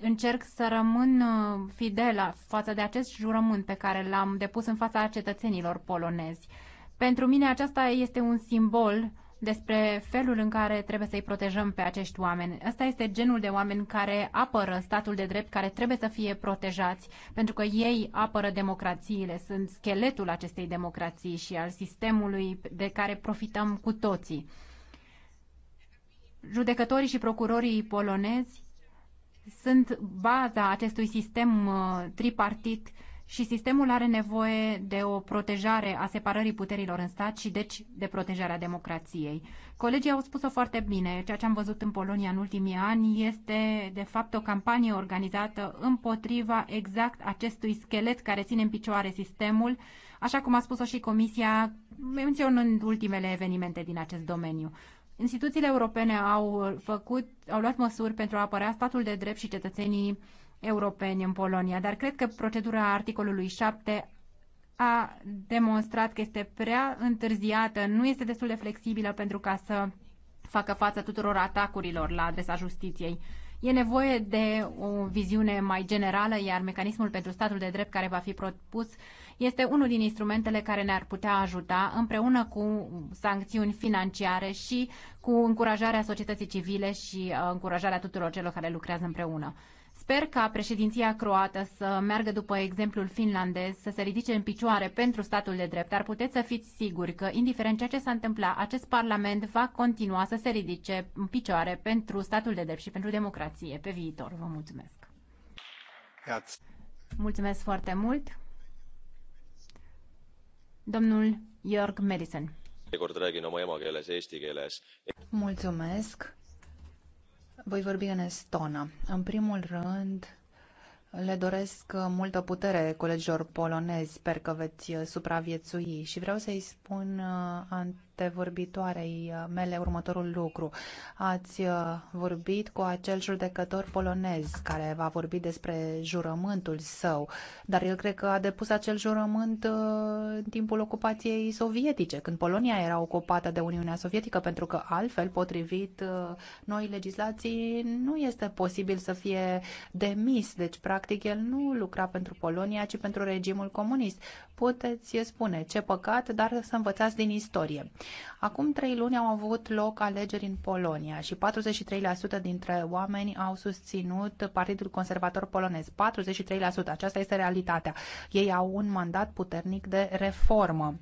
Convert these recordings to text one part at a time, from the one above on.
încerc să rămân uh, fidelă față de acest jurământ pe care l-am depus în fața cetățenilor polonezi. Pentru mine aceasta este un simbol despre felul în care trebuie să-i protejăm pe acești oameni. Asta este genul de oameni care apără statul de drept, care trebuie să fie protejați, pentru că ei apără democrațiile, sunt scheletul acestei democrații și al sistemului de care profităm cu toții. Judecătorii și procurorii polonezi sunt baza acestui sistem uh, tripartit și sistemul are nevoie de o protejare a separării puterilor în stat și deci de protejarea democrației. Colegii au spus-o foarte bine. Ceea ce am văzut în Polonia în ultimii ani este de fapt o campanie organizată împotriva exact acestui schelet care ține în picioare sistemul, așa cum a spus-o și Comisia menționând ultimele evenimente din acest domeniu. Instituțiile europene au, făcut, au luat măsuri pentru a apărea statul de drept și cetățenii europeni în Polonia, dar cred că procedura articolului 7 a demonstrat că este prea întârziată, nu este destul de flexibilă pentru ca să facă față tuturor atacurilor la adresa justiției. E nevoie de o viziune mai generală, iar mecanismul pentru statul de drept care va fi propus este unul din instrumentele care ne-ar putea ajuta împreună cu sancțiuni financiare și cu încurajarea societății civile și uh, încurajarea tuturor celor care lucrează împreună. Sper ca președinția croată să meargă după exemplul finlandez, să se ridice în picioare pentru statul de drept, dar puteți să fiți siguri că, indiferent ceea ce s-a întâmplat, acest parlament va continua să se ridice în picioare pentru statul de drept și pentru democrație pe viitor. Vă mulțumesc! Mulțumesc foarte mult! Domnul Jörg Madison. Mulțumesc. Voi vorbi în estonă. În primul rând, le doresc multă putere colegilor polonezi. Sper că veți supraviețui și vreau să-i spun uh, antevorbitoarei uh, mele următorul lucru. Ați uh, vorbit cu acel judecător polonez care va vorbi despre jurământul său, dar el cred că a depus acel jurământ uh, în timpul ocupației sovietice, când Polonia era ocupată de Uniunea Sovietică, pentru că altfel, potrivit noi legislații, nu este posibil să fie demis. Deci, practic, el nu lucra pentru Polonia, ci pentru regimul comunist puteți spune ce păcat, dar să învățați din istorie. Acum trei luni au avut loc alegeri în Polonia și 43% dintre oameni au susținut Partidul Conservator Polonez. 43%, aceasta este realitatea. Ei au un mandat puternic de reformă.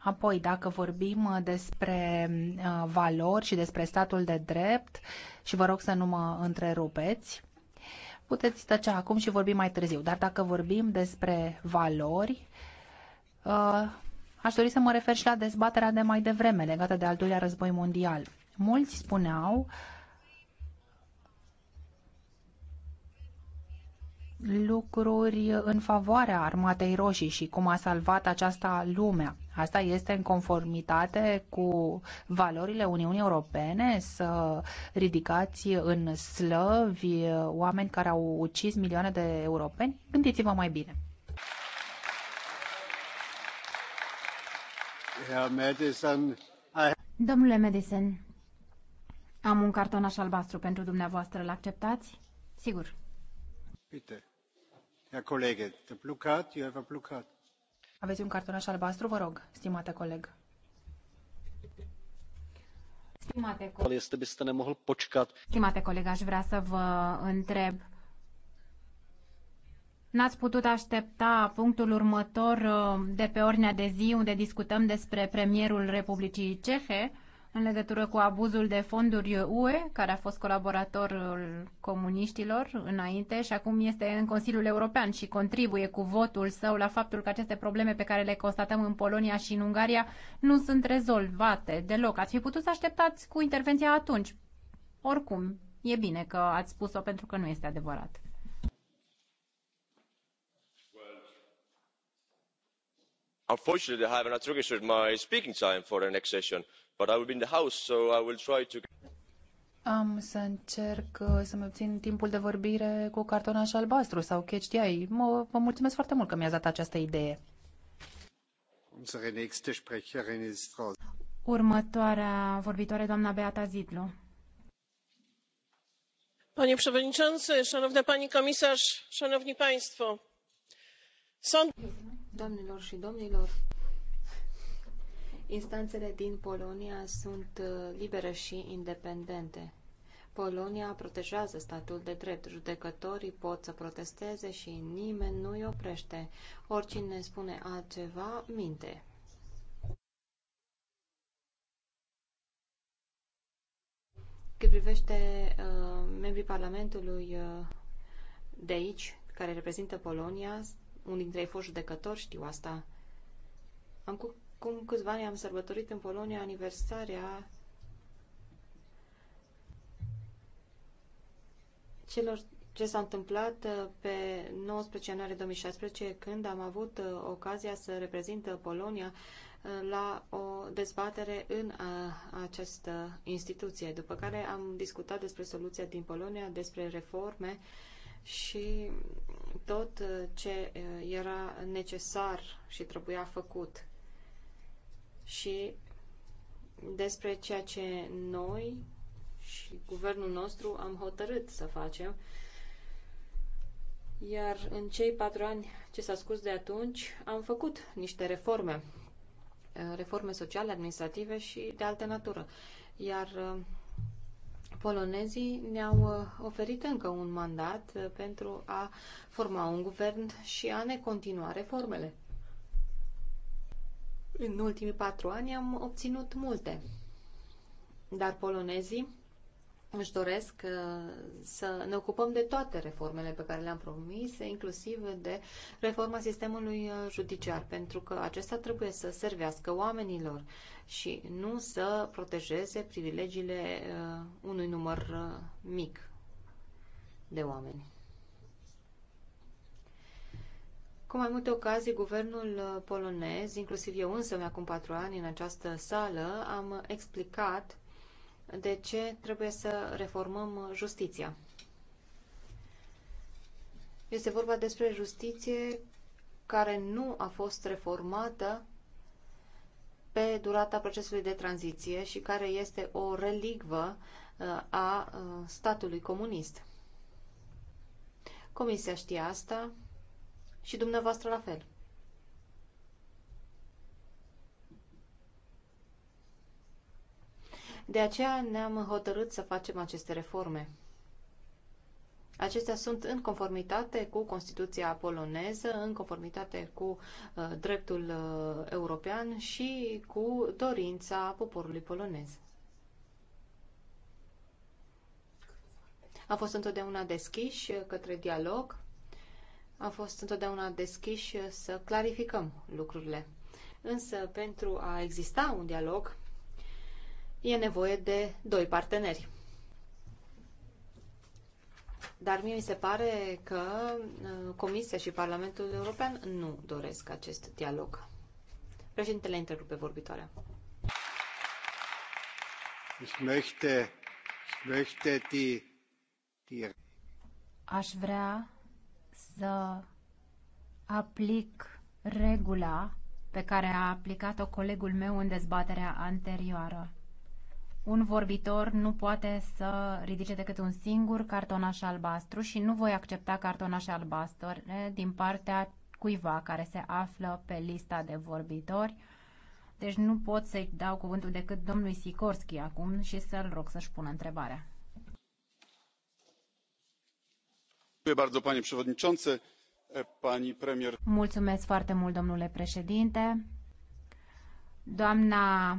Apoi, dacă vorbim despre uh, valori și despre statul de drept, și vă rog să nu mă întrerupeți, Puteți tăcea acum și vorbim mai târziu, dar dacă vorbim despre valori, uh, aș dori să mă refer și la dezbaterea de mai devreme legată de al doilea război mondial. Mulți spuneau lucruri în favoarea armatei roșii și cum a salvat aceasta lumea. Asta este în conformitate cu valorile Uniunii Europene să ridicați în slăvi oameni care au ucis milioane de europeni? Gândiți-vă mai bine. Domnule Madison, am un cartonaș albastru pentru dumneavoastră. L-acceptați? Sigur. Bitte. Herr Kollege, the blue card, you have a blue card. Aveți un cartonaș albastru, vă rog, stimate coleg. Stimate coleg, este ne nemohl počkat. Stimate coleg, aș vrea să vă întreb. N-ați putut aștepta punctul următor uh, de pe ordinea de zi unde discutăm despre premierul Republicii Cehe? în legătură cu abuzul de fonduri UE, care a fost colaboratorul comuniștilor înainte și acum este în Consiliul European și contribuie cu votul său la faptul că aceste probleme pe care le constatăm în Polonia și în Ungaria nu sunt rezolvate deloc. Ați fi putut să așteptați cu intervenția atunci. Oricum, e bine că ați spus-o pentru că nu este adevărat. Unfortunately, I not registered my speaking time for the next session but i will be in the house so i will try to am să încerc uh, să-mi obțin timpul de vorbire cu cartonaș albastru sau catch the eye. Mă, vă mulțumesc foarte mult că mi-ați dat această idee. Următoarea vorbitoare, doamna Beata Zidlu. Panie Przewodniczący, Szanowna Pani Komisarz, Szanowni Państwo. Sąd... Doamnelor și domnilor, Instanțele din Polonia sunt uh, libere și independente. Polonia protejează statul de drept. Judecătorii pot să protesteze și nimeni nu îi oprește. Oricine spune altceva, minte. Cât privește uh, membrii Parlamentului uh, de aici, care reprezintă Polonia, unii dintre ei fost judecători, știu asta. Am, cu- Acum câțiva ani am sărbătorit în Polonia aniversarea celor ce s-a întâmplat uh, pe 19 ianuarie 2016, când am avut uh, ocazia să reprezint uh, Polonia la o dezbatere în această instituție, după care am discutat despre soluția din Polonia, despre reforme și tot ce era necesar și trebuia făcut și despre ceea ce noi și guvernul nostru am hotărât să facem. Iar în cei patru ani ce s-a scurs de atunci, am făcut niște reforme, uh, reforme sociale, administrative și de altă natură. Iar uh, polonezii ne-au uh, oferit încă un mandat pentru a forma un guvern și a ne continua reformele. În ultimii patru ani am obținut multe, dar polonezii își doresc uh, să ne ocupăm de toate reformele pe care le-am promis, inclusiv de reforma sistemului judiciar, pentru că acesta trebuie să servească oamenilor și nu să protejeze privilegiile uh, unui număr uh, mic de oameni. Cu mai multe ocazii, guvernul uh, polonez, inclusiv eu însă, acum patru ani, în această sală, am explicat de ce trebuie să reformăm justiția. Este vorba despre justiție care nu a fost reformată pe durata procesului de tranziție și care este o relicvă uh, a uh, statului comunist. Comisia știe asta, și dumneavoastră la fel. De aceea ne-am hotărât să facem aceste reforme. Acestea sunt în conformitate cu Constituția poloneză, în conformitate cu uh, dreptul uh, european și cu dorința poporului polonez. Am fost întotdeauna deschiși uh, către dialog am fost întotdeauna deschiși să clarificăm lucrurile. Însă, pentru a exista un dialog, e nevoie de doi parteneri. Dar mie mi se pare că uh, Comisia și Parlamentul European nu doresc acest dialog. Președintele întrerupe vorbitoarea. Ich möchte, ich möchte die, die... Aș vrea să aplic regula pe care a aplicat-o colegul meu în dezbaterea anterioară. Un vorbitor nu poate să ridice decât un singur cartonaș albastru și nu voi accepta cartonașe albastre din partea cuiva care se află pe lista de vorbitori. Deci nu pot să-i dau cuvântul decât domnului Sikorski acum și să-l rog să-și pună întrebarea. mulțumesc foarte mult domnule președinte doamna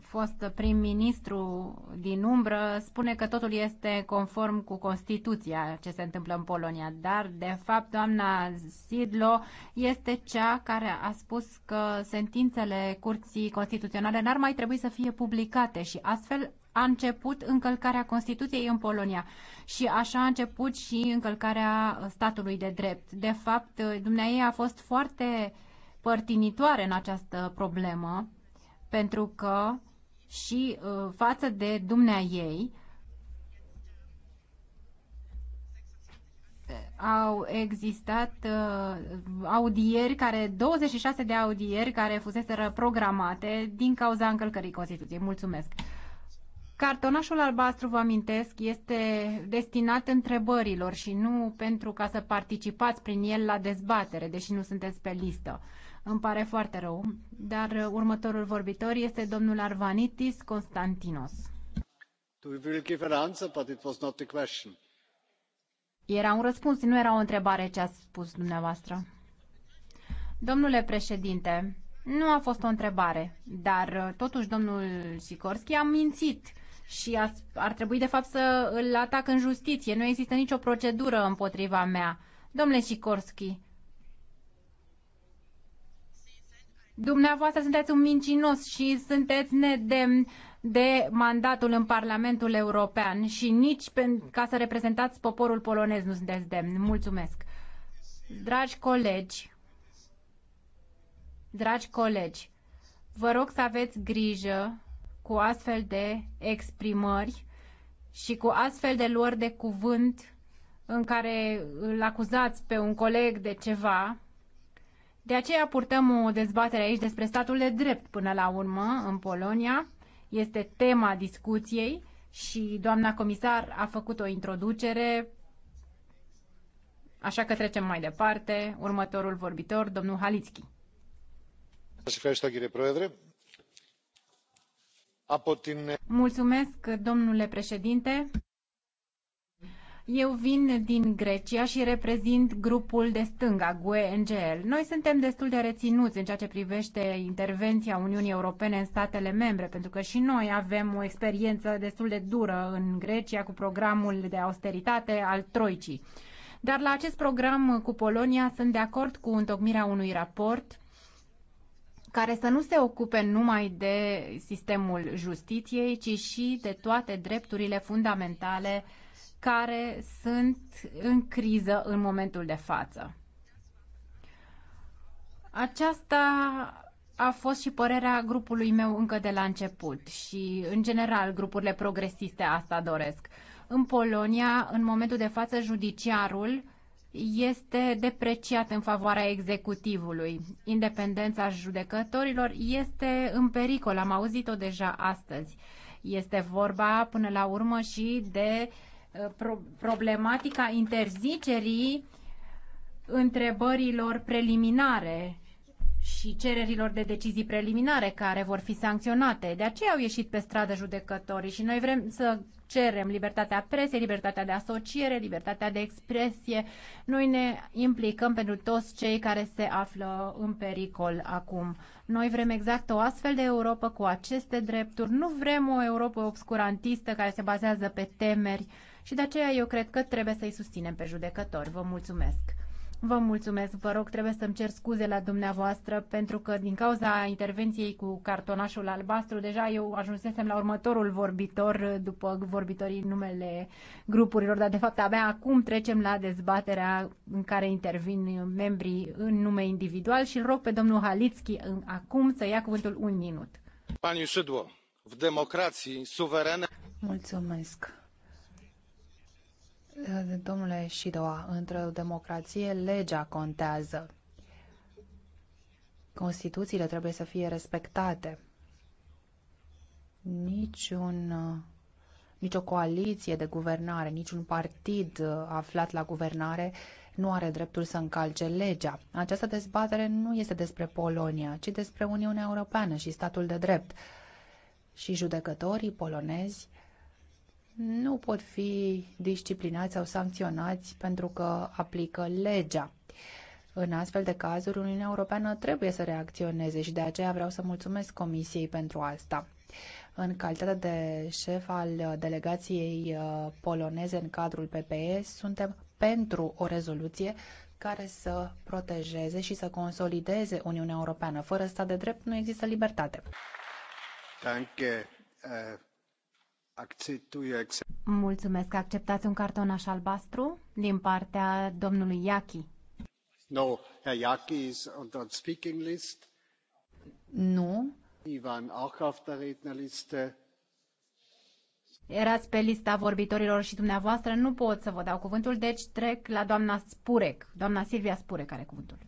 fost prim ministru din umbră spune că totul este conform cu Constituția ce se întâmplă în Polonia, dar de fapt doamna Sidlo este cea care a spus că sentințele Curții Constituționale n-ar mai trebui să fie publicate și astfel a început încălcarea Constituției în Polonia și așa a început și încălcarea statului de drept. De fapt, dumneai a fost foarte părtinitoare în această problemă pentru că și uh, față de dumnea ei au existat uh, audieri care, 26 de audieri care fuseseră programate din cauza încălcării Constituției. Mulțumesc! Cartonașul albastru, vă amintesc, este destinat întrebărilor și nu pentru ca să participați prin el la dezbatere, deși nu sunteți pe listă. Îmi pare foarte rău, dar următorul vorbitor este domnul Arvanitis Constantinos. Era un răspuns, nu era o întrebare ce ați spus dumneavoastră. Domnule președinte, nu a fost o întrebare, dar totuși domnul Sikorski a mințit și ar trebui de fapt să îl atac în justiție. Nu există nicio procedură împotriva mea. Domnule Sikorski, dumneavoastră sunteți un mincinos și sunteți nedemn de mandatul în Parlamentul European și nici pe, ca să reprezentați poporul polonez nu sunteți demn. Mulțumesc. Dragi colegi, dragi colegi, vă rog să aveți grijă cu astfel de exprimări și cu astfel de luări de cuvânt în care îl acuzați pe un coleg de ceva. De aceea purtăm o dezbatere aici despre statul de drept până la urmă în Polonia. Este tema discuției și doamna comisar a făcut o introducere. Așa că trecem mai departe. Următorul vorbitor, domnul Halitski. președinte. Mulțumesc, domnule președinte. Eu vin din Grecia și reprezint grupul de stânga, GUE NGL. Noi suntem destul de reținuți în ceea ce privește intervenția Uniunii Europene în statele membre, pentru că și noi avem o experiență destul de dură în Grecia cu programul de austeritate al Troicii. Dar la acest program cu Polonia sunt de acord cu întocmirea unui raport care să nu se ocupe numai de sistemul justiției, ci și de toate drepturile fundamentale care sunt în criză în momentul de față. Aceasta a fost și părerea grupului meu încă de la început și, în general, grupurile progresiste asta doresc. În Polonia, în momentul de față, judiciarul este depreciat în favoarea executivului. Independența judecătorilor este în pericol, am auzit-o deja astăzi. Este vorba până la urmă și de uh, pro- problematica interzicerii întrebărilor preliminare și cererilor de decizii preliminare care vor fi sancționate. De aceea au ieșit pe stradă judecătorii și noi vrem să cerem libertatea presei, libertatea de asociere, libertatea de expresie. Noi ne implicăm pentru toți cei care se află în pericol acum. Noi vrem exact o astfel de Europa cu aceste drepturi. Nu vrem o Europa obscurantistă care se bazează pe temeri și de aceea eu cred că trebuie să-i susținem pe judecători. Vă mulțumesc! Vă mulțumesc, vă rog, trebuie să-mi cer scuze la dumneavoastră pentru că din cauza intervenției cu cartonașul albastru, deja eu ajunsesem la următorul vorbitor după vorbitorii numele grupurilor, dar de fapt abia acum trecem la dezbaterea în care intervin membrii în nume individual și îl rog pe domnul Halitski acum să ia cuvântul un minut. Pani Șidło, democrații suverene... Mulțumesc. Domnule Șidoa, într-o democrație legea contează. Constituțiile trebuie să fie respectate. Niciun, nicio coaliție de guvernare, niciun partid uh, aflat la guvernare nu are dreptul să încalce legea. Această dezbatere nu este despre Polonia, ci despre Uniunea Europeană și statul de drept. Și judecătorii polonezi nu pot fi disciplinați sau sancționați pentru că aplică legea. În astfel de cazuri, Uniunea Europeană trebuie să reacționeze și de aceea vreau să mulțumesc Comisiei pentru asta. În calitate de șef al delegației uh, poloneze în cadrul PPE, suntem pentru o rezoluție care să protejeze și să consolideze Uniunea Europeană. Fără stat de drept nu există libertate. Danke. Uh, Mulțumesc. Acceptați un așa albastru din partea domnului Iachi. No, Herr Iachi is on the speaking list. Nu. Ivan auch auf der Rednerliste. Erați pe lista vorbitorilor și dumneavoastră, nu pot să vă dau cuvântul, deci trec la doamna Spurek, doamna Silvia Spurek are cuvântul.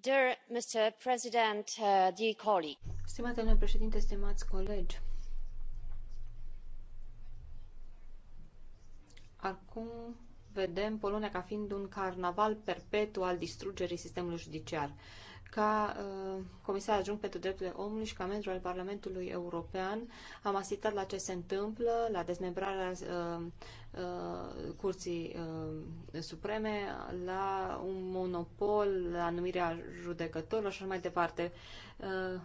Dear Mr. President, uh, dear colleague. Stimate domnule președinte, stimați colegi, Acum vedem Polonia ca fiind un carnaval perpetu al distrugerii sistemului judiciar. Ca uh, comisar adjunct pentru drepturile omului și ca membru al Parlamentului European am asistat la ce se întâmplă, la dezmembrarea uh, uh, Curții uh, Supreme, la un monopol, la numirea judecătorilor și așa mai departe. Uh,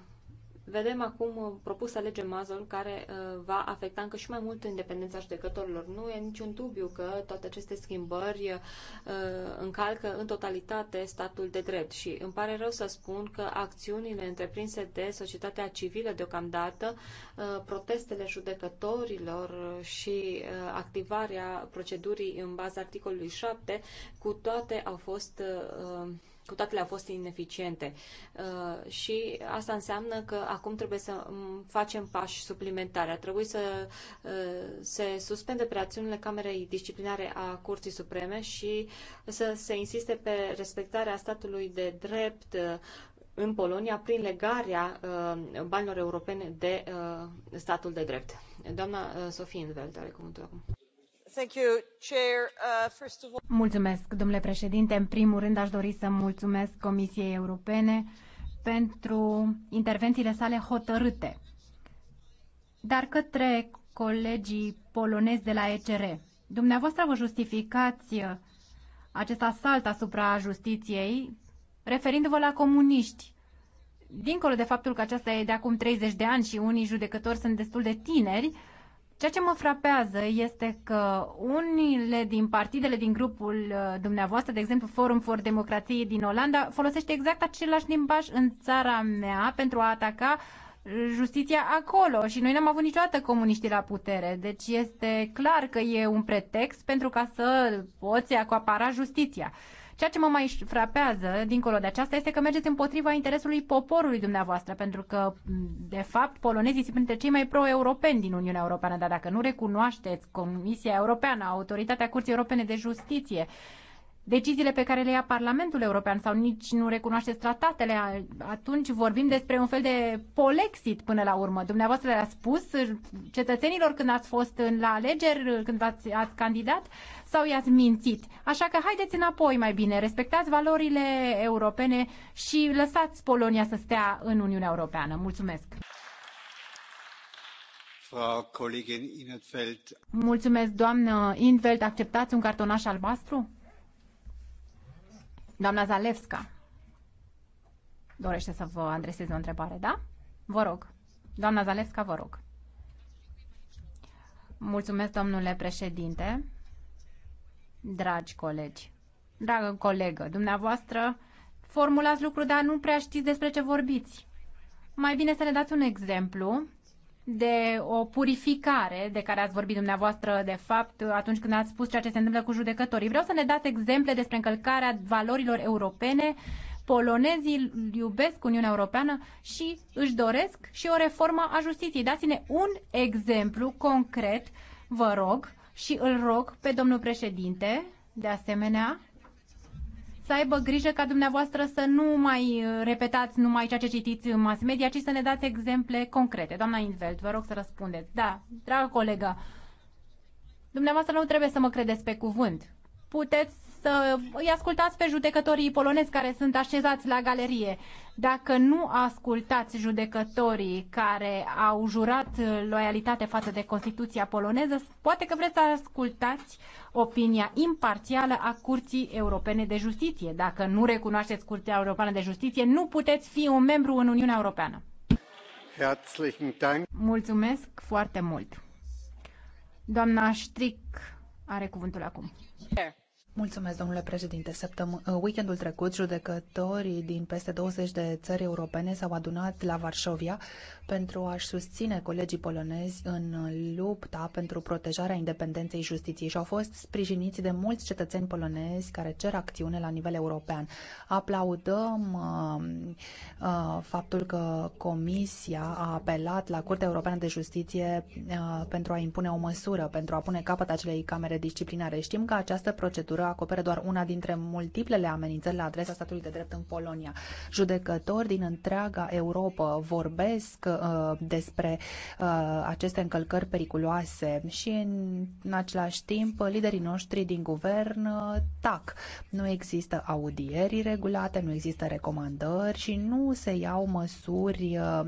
Vedem acum uh, propusă lege Mazol care uh, va afecta încă și mai mult independența judecătorilor. Nu e niciun dubiu că toate aceste schimbări uh, încalcă în totalitate statul de drept și îmi pare rău să spun că acțiunile întreprinse de societatea civilă deocamdată, protestele judecătorilor și activarea procedurii în baza articolului 7, cu toate au fost cu toate le-au fost ineficiente. Uh, și asta înseamnă că acum trebuie să facem pași suplimentari. Ar trebui să uh, se suspende operațiunile Camerei Disciplinare a Curții Supreme și să se insiste pe respectarea statului de drept uh, în Polonia prin legarea uh, banilor europene de uh, statul de drept. Doamna uh, Sofie Invel, are cuvântul acum. Uh, mulțumesc, domnule președinte. În primul rând, aș dori să mulțumesc Comisiei Europene pentru intervențiile sale hotărâte. Dar către colegii polonezi de la ECR, dumneavoastră vă justificați uh, acest asalt asupra justiției referindu-vă la comuniști. Dincolo de faptul că aceasta e de acum 30 de ani și unii judecători sunt destul de tineri, Ceea ce mă frapează este că unile din partidele din grupul uh, dumneavoastră, de exemplu Forum for Democrație din Olanda, folosește exact același limbaj în țara mea pentru a ataca justiția acolo și noi n-am avut niciodată comuniștii la putere. Deci este clar că e un pretext pentru ca să poți acoapara justiția. Ceea ce mă mai frapează, dincolo de aceasta, este că mergeți împotriva interesului poporului dumneavoastră, pentru că, de fapt, polonezii sunt printre cei mai pro-europeni din Uniunea Europeană, dar dacă nu recunoașteți Comisia Europeană, Autoritatea Curții Europene de Justiție, deciziile pe care le ia Parlamentul European sau nici nu recunoașteți tratatele, atunci vorbim despre un fel de polexit până la urmă. Dumneavoastră le-a spus cetățenilor când ați fost la alegeri, când ați, ați candidat sau i-ați mințit. Așa că haideți înapoi mai bine, respectați valorile europene și lăsați Polonia să stea în Uniunea Europeană. Mulțumesc! Mulțumesc, doamnă Invelt. Acceptați un cartonaș albastru? Doamna Zalewska dorește să vă adreseze o întrebare, da? Vă rog. Doamna Zalewska, vă rog. Mulțumesc, domnule președinte. Dragi colegi, dragă colegă, dumneavoastră formulați lucruri, dar nu prea știți despre ce vorbiți. Mai bine să ne dați un exemplu de o purificare de care ați vorbit dumneavoastră, de fapt, atunci când ați spus ceea ce se întâmplă cu judecătorii. Vreau să ne dați exemple despre încălcarea valorilor europene. Polonezii iubesc Uniunea Europeană și își doresc și o reformă a justiției. Dați-ne un exemplu concret, vă rog, și îl rog pe domnul președinte, de asemenea, să aibă grijă ca dumneavoastră să nu mai uh, repetați numai ceea ce citiți în mass media, ci să ne dați exemple concrete. Doamna Invelt, vă rog să răspundeți. Da, dragă colegă, dumneavoastră nu trebuie să mă credeți pe cuvânt puteți să îi ascultați pe judecătorii polonezi care sunt așezați la galerie. Dacă nu ascultați judecătorii care au jurat loialitate față de Constituția poloneză, poate că vreți să ascultați opinia imparțială a Curții Europene de Justiție. Dacă nu recunoașteți Curtea Europeană de Justiție, nu puteți fi un membru în Uniunea Europeană. Mulțumesc foarte mult. Doamna Stric are cuvântul acum. Yeah. Mulțumesc, domnule președinte. Săptăm ă, weekendul trecut, judecătorii din peste 20 de țări europene s-au adunat la Varșovia pentru a-și susține colegii polonezi în lupta pentru protejarea independenței justiției și au fost sprijiniți de mulți cetățeni polonezi care cer acțiune la nivel european. Aplaudăm uh, uh, faptul că Comisia a apelat la Curtea Europeană de Justiție uh, pentru a impune o măsură, pentru a pune capăt acelei camere disciplinare. Știm că această procedură procură acoperă doar una dintre multiplele amenințări la adresa statului de drept în Polonia. Judecători din întreaga Europa vorbesc uh, despre uh, aceste încălcări periculoase și în, în același timp liderii noștri din guvern uh, tac. Nu există audieri regulate, nu există recomandări și nu se iau măsuri uh,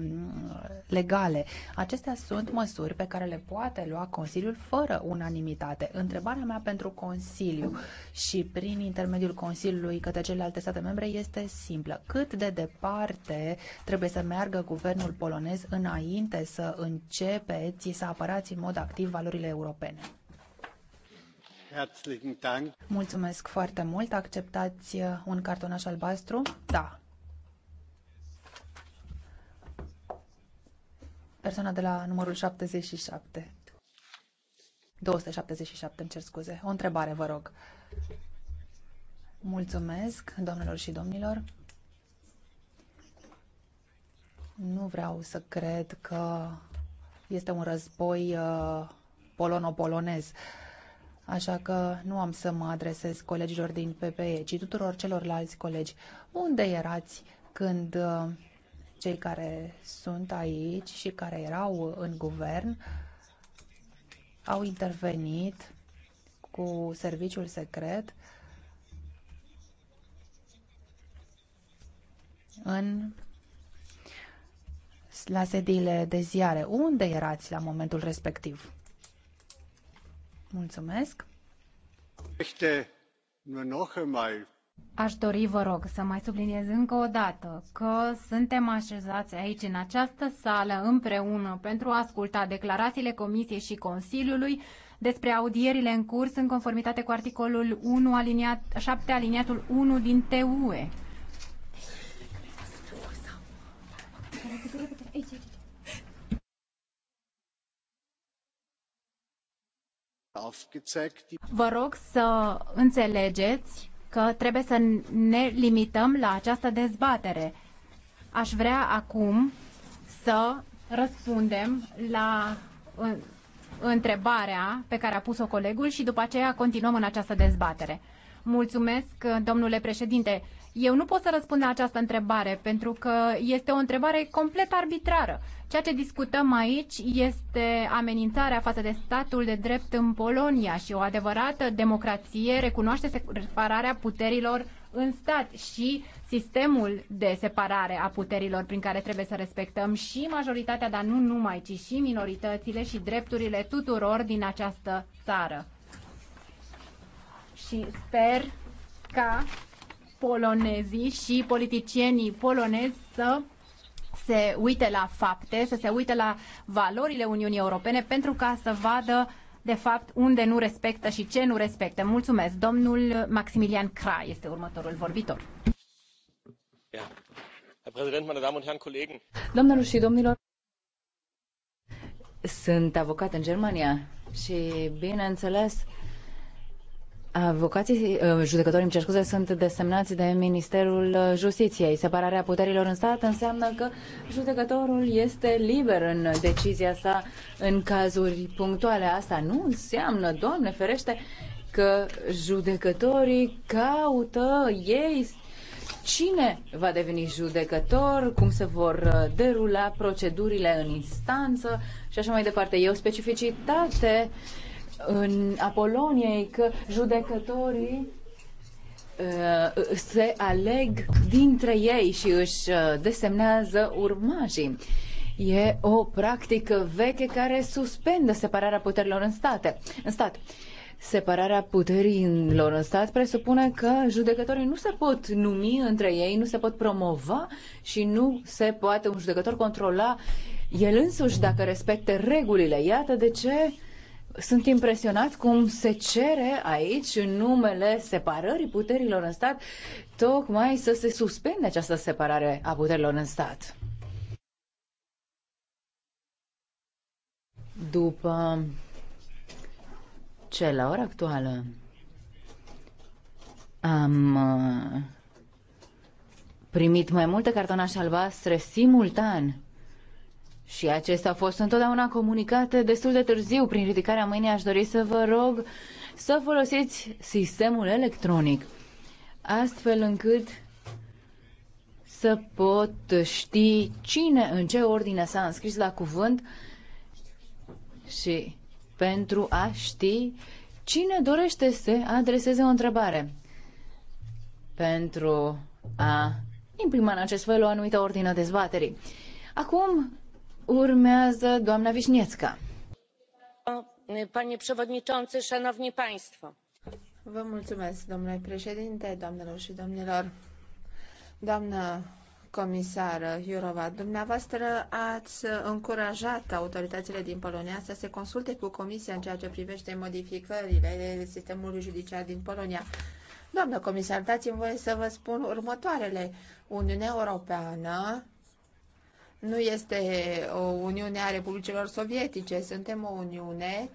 legale. Acestea sunt măsuri pe care le poate lua Consiliul fără unanimitate. Întrebarea mea pentru Consiliu și prin intermediul Consiliului către celelalte state membre este simplă. Cât de departe trebuie să meargă guvernul polonez înainte să începeți să apărați în mod activ valorile europene? Mulțumesc foarte mult. Acceptați uh, un cartonaș albastru? Da. Persoana de la numărul 77. 277, îmi cer scuze. O întrebare, vă rog. Mulțumesc, domnilor și domnilor. Nu vreau să cred că este un război uh, polono-polonez. Așa că nu am să mă adresez colegilor din PPE, ci tuturor celorlalți colegi. Unde erați când uh, cei care sunt aici și care erau în guvern uh, au intervenit cu serviciul secret în la sediile de ziare. Unde erați la momentul respectiv? Mulțumesc. nur noch einmal Aș dori, vă rog, să mai subliniez încă o dată că suntem așezați aici, în această sală, împreună, pentru a asculta declarațiile Comisiei și Consiliului despre audierile în curs în conformitate cu articolul 1, aliniat, 7, aliniatul 1 din TUE. Vă rog să înțelegeți că trebuie să ne limităm la această dezbatere. Aș vrea acum să răspundem la întrebarea pe care a pus-o colegul și după aceea continuăm în această dezbatere. Mulțumesc, domnule președinte. Eu nu pot să răspund la această întrebare, pentru că este o întrebare complet arbitrară. Ceea ce discutăm aici este amenințarea față de statul de drept în Polonia și o adevărată democrație recunoaște separarea puterilor în stat și sistemul de separare a puterilor prin care trebuie să respectăm și majoritatea, dar nu numai, ci și minoritățile și drepturile tuturor din această țară. Și sper ca polonezii și politicienii polonezi să se uite la fapte, să se uite la valorile Uniunii Europene pentru ca să vadă de fapt unde nu respectă și ce nu respectă. Mulțumesc. Domnul Maximilian Cra este următorul vorbitor. Yeah. și domnilor, sunt avocat în Germania și, bineînțeles, Avocații uh, judecători, îmi cer scuze, sunt desemnați de Ministerul Justiției. Separarea puterilor în stat înseamnă că judecătorul este liber în decizia sa în cazuri punctuale. Asta nu înseamnă, Doamne ferește, că judecătorii caută ei cine va deveni judecător, cum se vor uh, derula procedurile în instanță și așa mai departe. E o specificitate uh, în Apoloniei că judecătorii uh, se aleg dintre ei și își uh, desemnează urmașii. E o practică veche care suspendă separarea puterilor în, state, în stat. Separarea puterilor în stat presupune că judecătorii nu se pot numi între ei, nu se pot promova și nu se poate un judecător controla el însuși dacă respecte regulile. Iată de ce uh, sunt impresionat cum se cere aici, în numele separării puterilor în stat, tocmai să se suspende această separare a puterilor în stat. După ce la ora actuală am uh, primit mai multe cartonașe albastre simultan și acestea au fost întotdeauna comunicate destul de târziu. Prin ridicarea mâinii aș dori să vă rog să folosiți sistemul electronic, astfel încât să pot ști cine, în ce ordine s-a înscris la cuvânt și pentru a ști cine dorește să adreseze o întrebare. Pentru a imprima în acest fel o anumită ordine a dezbaterii. Acum Urmează doamna Vișniețca. Panie președinte, șanovni państwo. domnule președinte, doamnelor și domnilor. Doamnă comisară jourov dumneavoastră ați încurajat autoritățile din Polonia să se consulte cu Comisia în ceea ce privește modificările sistemului judiciar din Polonia. Doamnă comisar, dați-mi voie să vă spun următoarele. Uniunea Europeană nu este o Uniune a Republicilor Sovietice, suntem o Uniune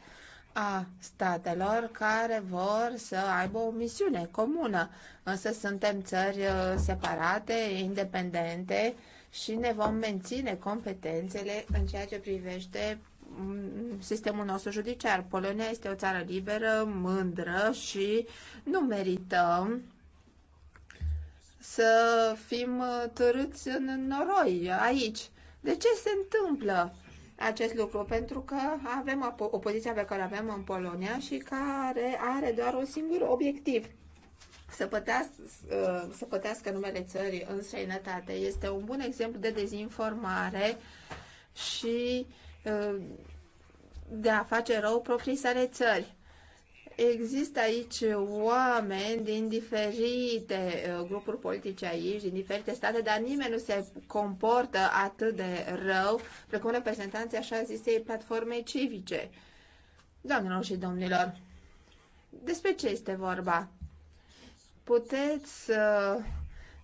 a statelor care vor să aibă o misiune comună, însă suntem țări uh, separate, independente și ne vom menține competențele în ceea ce privește mm, sistemul nostru judiciar. Polonia este o țară liberă, mândră și nu merităm să fim uh, târâți în noroi aici. De ce se întâmplă acest lucru? Pentru că avem opoziția pe care avem în Polonia și care are doar un singur obiectiv, să, pătească, uh, să pătească numele țării în străinătate. Este un bun exemplu de dezinformare și uh, de a face rău proprii sale țări există aici oameni din diferite uh, grupuri politice aici, din diferite state, dar nimeni nu se comportă atât de rău precum reprezentanții așa zisei platformei civice. Doamnelor și domnilor, despre ce este vorba? Puteți, uh,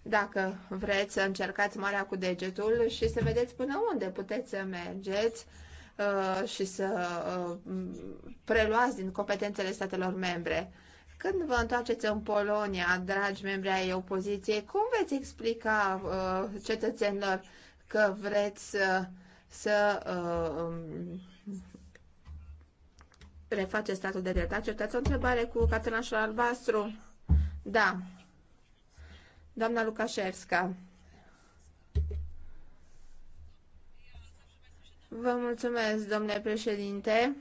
dacă vreți, să încercați marea cu degetul și să vedeți până unde puteți să mergeți Uh, și să uh, preluați din competențele statelor membre. Când vă întoarceți în Polonia, dragi membri ai opoziției, cum veți explica uh, cetățenilor că vreți să, să um, reface statul de drept? Acertați o întrebare cu catenașul albastru? Da. Doamna Lukașevska. Vă mulțumesc, domnule președinte.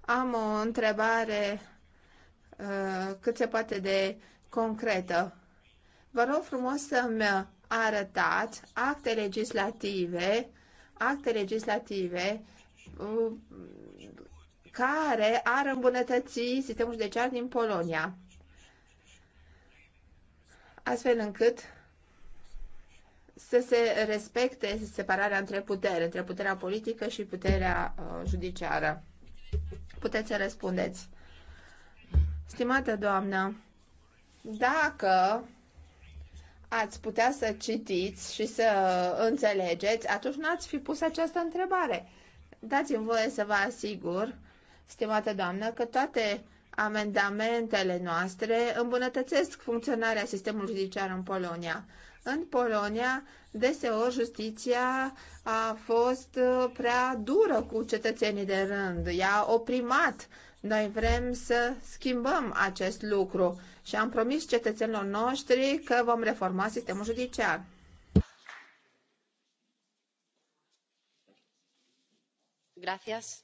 Am o întrebare uh, cât se poate de concretă. Vă rog frumos să-mi arătați acte legislative, acte legislative uh, care ar îmbunătăți sistemul judiciar din Polonia, astfel încât să se respecte separarea între putere, între puterea politică și puterea uh, judiciară. Puteți să răspundeți. Stimată doamnă, dacă ați putea să citiți și să înțelegeți, atunci n-ați fi pus această întrebare. Dați-mi voie să vă asigur, stimată doamnă, că toate amendamentele noastre îmbunătățesc funcționarea sistemului judiciar în Polonia. În Polonia, deseori justiția a fost uh, prea dură cu cetățenii de rând, i-a oprimat. Noi vrem să schimbăm acest lucru și am promis cetățenilor noștri că vom reforma sistemul judiciar. Gracias.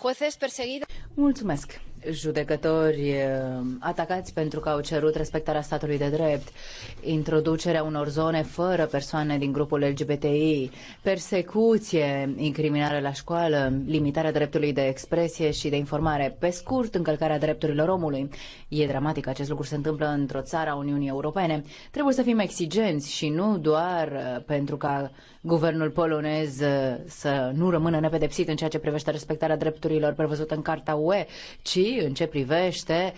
Jueces perseguidos. Mulțumesc judecători eh, atacați pentru că au cerut respectarea statului de drept, introducerea unor zone fără persoane din grupul LGBTI, persecuție, incriminare la școală, limitarea dreptului de expresie și de informare, pe scurt, încălcarea drepturilor omului. E dramatic, acest lucru se întâmplă într-o țară a Uniunii Europene. Trebuie să fim exigenți și nu doar eh, pentru ca guvernul polonez eh, să nu rămână nepedepsit în ceea ce privește respectarea drepturilor prevăzută în Carta UE, ci în ce privește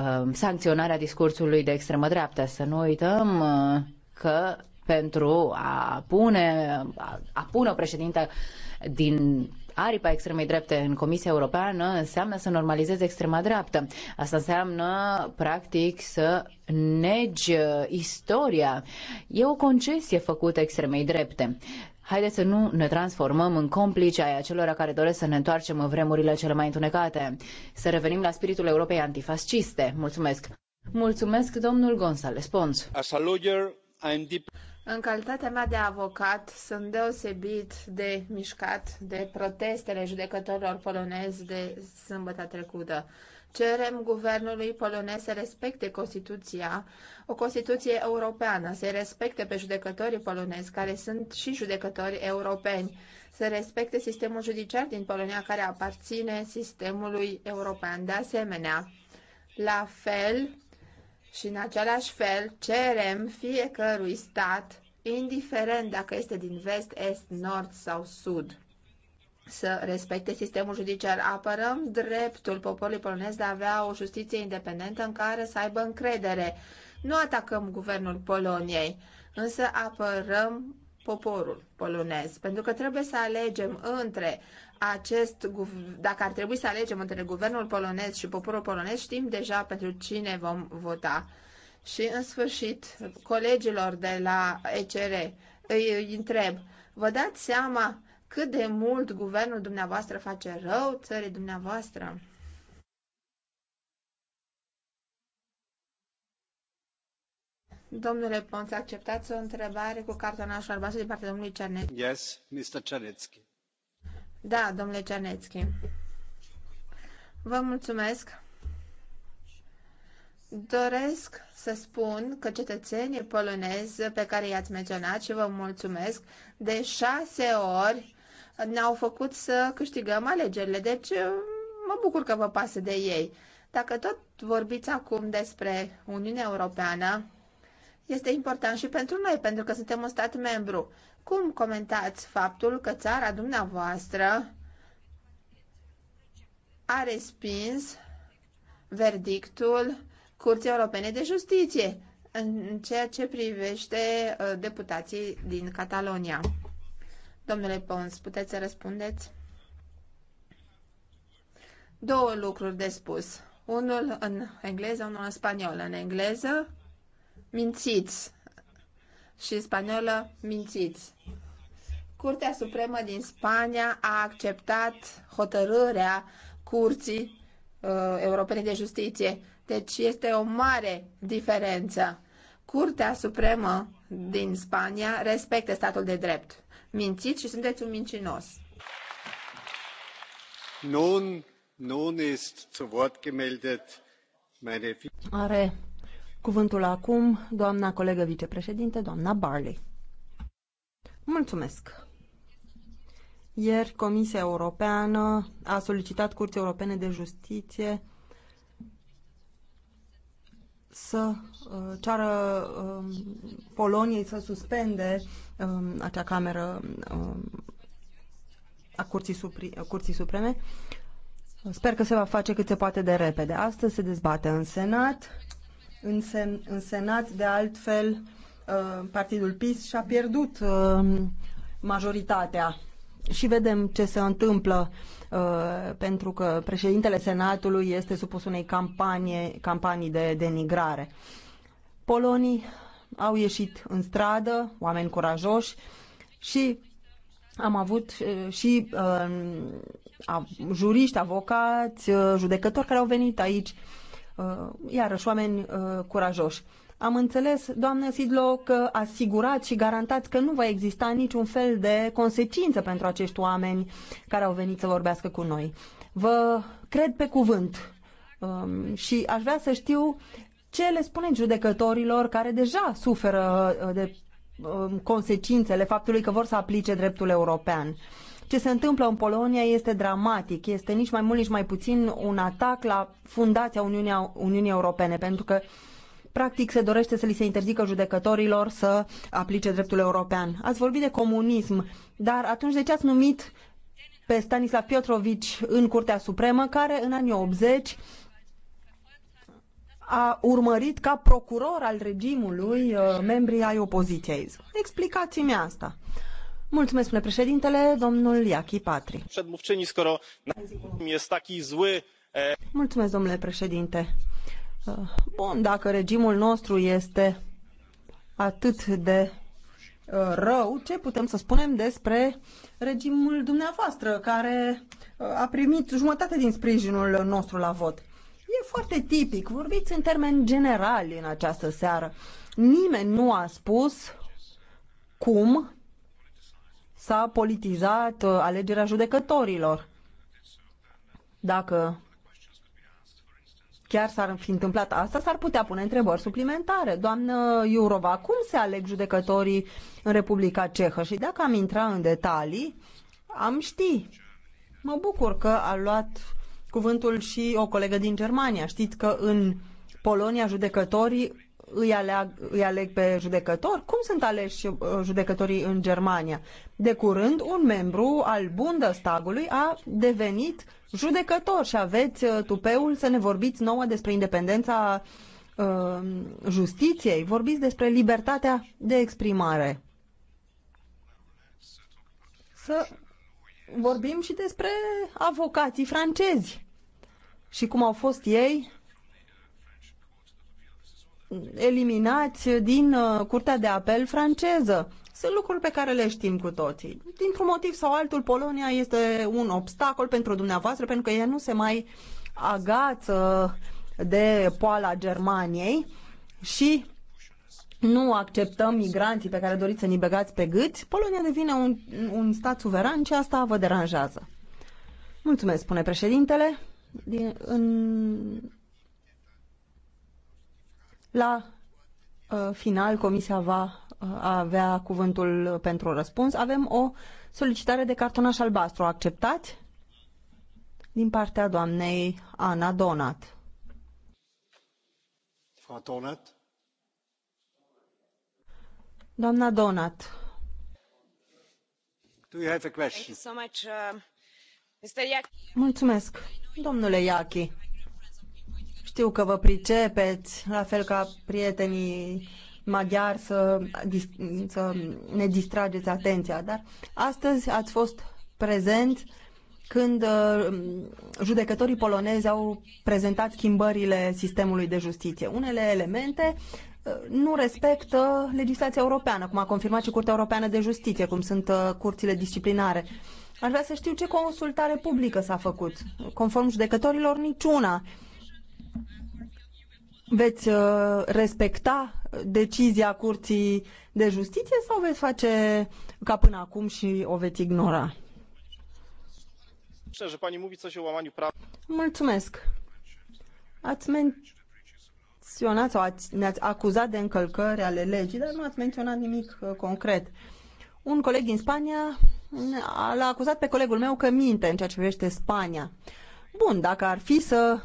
uh, sancționarea discursului de extremă dreaptă. Să nu uităm uh, că pentru a pune, a, a pune o președintă din aripa extremei drepte în Comisia Europeană înseamnă să normalizezi extrema dreaptă. Asta înseamnă, practic, să negi uh, istoria. E o concesie făcută extremei drepte. Haideți să nu ne transformăm în complice ai acelora care doresc să ne întoarcem în vremurile cele mai întunecate. Să revenim la spiritul Europei antifasciste. Mulțumesc! Mulțumesc, domnul González Pons. As a lawyer, I'm deep... În calitatea mea de avocat, sunt deosebit de mișcat de protestele judecătorilor polonezi de sâmbătă trecută. Cerem guvernului polonez să respecte Constituția, o Constituție europeană, să respecte pe judecătorii polonezi, care sunt și judecători europeni, să respecte sistemul judiciar din Polonia, care aparține sistemului european. De asemenea, la fel, și în același fel cerem fiecărui stat, indiferent dacă este din vest, est, nord sau sud, să respecte sistemul judiciar. Apărăm dreptul poporului polonez de a avea o justiție independentă în care să aibă încredere. Nu atacăm guvernul Poloniei, însă apărăm poporul polonez, pentru că trebuie să alegem între acest, dacă ar trebui să alegem între guvernul polonez și poporul polonez, știm deja pentru cine vom vota. Și, în sfârșit, colegilor de la ECR îi întreb, vă dați seama cât de mult guvernul dumneavoastră face rău țării dumneavoastră? Domnule Ponț, acceptați o întrebare cu cartonașul albastru din partea domnului Cernet? Yes, Mr. Cernetski. Da, domnule Cernețchi. Vă mulțumesc. Doresc să spun că cetățenii polonezi pe care i-ați menționat și vă mulțumesc, de șase ori ne-au făcut să câștigăm alegerile, deci uh, mă bucur că vă pasă de ei. Dacă tot vorbiți acum despre Uniunea Europeană, este important și pentru noi, pentru că suntem un stat membru. Cum comentați faptul că țara dumneavoastră a respins verdictul Curții Europene de Justiție în ceea ce privește uh, deputații din Catalonia? Domnule Pons, puteți să răspundeți? Două lucruri de spus. Unul în engleză, unul în spaniolă. În engleză, mințiți și spaniolă mințiți. Curtea Supremă din Spania a acceptat hotărârea Curții uh, Europene de Justiție. Deci este o mare diferență. Curtea Supremă din Spania respectă statul de drept. Mințiți și sunteți un mincinos. Nun, nun ist zu Wort gemeldet, meine... Are Cuvântul acum, doamna colegă vicepreședinte, doamna Barley. Mulțumesc! Ieri, Comisia Europeană a solicitat Curții Europene de Justiție să uh, ceară um, Poloniei să suspende um, acea cameră um, a Curții, Supri, a Curții Supreme. Sper că se va face cât se poate de repede. Astăzi se dezbate în Senat însen, însenați de altfel uh, partidul PIS și-a pierdut uh, majoritatea. Și vedem ce se întâmplă uh, pentru că președintele Senatului este supus unei campanie, campanii de denigrare. Polonii au ieșit în stradă, oameni curajoși și am avut și uh, juriști, avocați, judecători care au venit aici uh, Uh, iarăși oameni uh, curajoși. Am înțeles, doamnă Sidlo, că asigurați și garantați că nu va exista niciun fel de consecință pentru acești oameni care au venit să vorbească cu noi. Vă cred pe cuvânt um, și aș vrea să știu ce le spuneți judecătorilor care deja suferă uh, de Um, consecințele faptului că vor să aplice dreptul european. Ce se întâmplă în Polonia este dramatic, este nici mai mult, nici mai puțin un atac la fundația Uniunii, Uniunii Europene, pentru că practic se dorește să li se interzică judecătorilor să aplice dreptul european. Ați vorbit de comunism, dar atunci de ce ați numit pe Stanislav Piotrovici în Curtea Supremă, care în anii 80 a urmărit ca procuror al regimului uh, membrii ai opoziției. Explicați-mi asta. Mulțumesc, domnule președintele, domnul Iachi Patri. Mulțumesc, domnule președinte. Uh, bun, dacă regimul nostru este atât de uh, rău, ce putem să spunem despre regimul dumneavoastră, care a primit jumătate din sprijinul nostru la vot? E foarte tipic, vorbiți în termeni generali în această seară. Nimeni nu a spus cum s-a politizat uh, alegerea judecătorilor. Dacă chiar s-ar fi întâmplat asta, s-ar putea pune întrebări suplimentare. Doamnă Iurova, cum se aleg judecătorii în Republica Cehă? Și dacă am intra în detalii, am ști. Mă bucur că a luat cuvântul și o colegă din Germania. Știți că în Polonia judecătorii îi aleg, îi aleg pe judecători? Cum sunt aleși uh, judecătorii în Germania? De curând, un membru al Bundestagului a devenit judecător și aveți uh, tupeul să ne vorbiți nouă despre independența uh, justiției, vorbiți despre libertatea de exprimare. Să vorbim și despre avocații francezi și cum au fost ei eliminați din uh, Curtea de Apel franceză. Sunt lucruri pe care le știm cu toții. Dintr-un motiv sau altul, Polonia este un obstacol pentru dumneavoastră, pentru că ea nu se mai agață de poala Germaniei și nu acceptăm migranții pe care doriți să ni băgați pe gât, Polonia devine un, un stat suveran și asta vă deranjează. Mulțumesc, spune președintele din, în, la uh, final Comisia va uh, avea cuvântul pentru răspuns. Avem o solicitare de cartonaș albastru. Acceptați? Din partea doamnei Ana Donat. Donat? Doamna Donat. Do you have a question? Thank you so much, uh, Mr. Mulțumesc Domnule Iachi, știu că vă pricepeți, la fel ca prietenii maghiari, să, să ne distrageți atenția, dar astăzi ați fost prezent când uh, judecătorii polonezi au prezentat schimbările sistemului de justiție. Unele elemente uh, nu respectă legislația europeană, cum a confirmat și Curtea Europeană de Justiție, cum sunt uh, curțile disciplinare. Aș vrea să știu ce consultare publică s-a făcut. Conform judecătorilor, niciuna. Veți uh, respecta decizia Curții de Justiție sau veți face ca până acum și o veți ignora? Mulțumesc. Ați menționat sau ați, ne-ați acuzat de încălcări ale legii, dar nu ați menționat nimic uh, concret. Un coleg din Spania l-a acuzat pe colegul meu că minte în ceea ce privește Spania. Bun, dacă ar fi să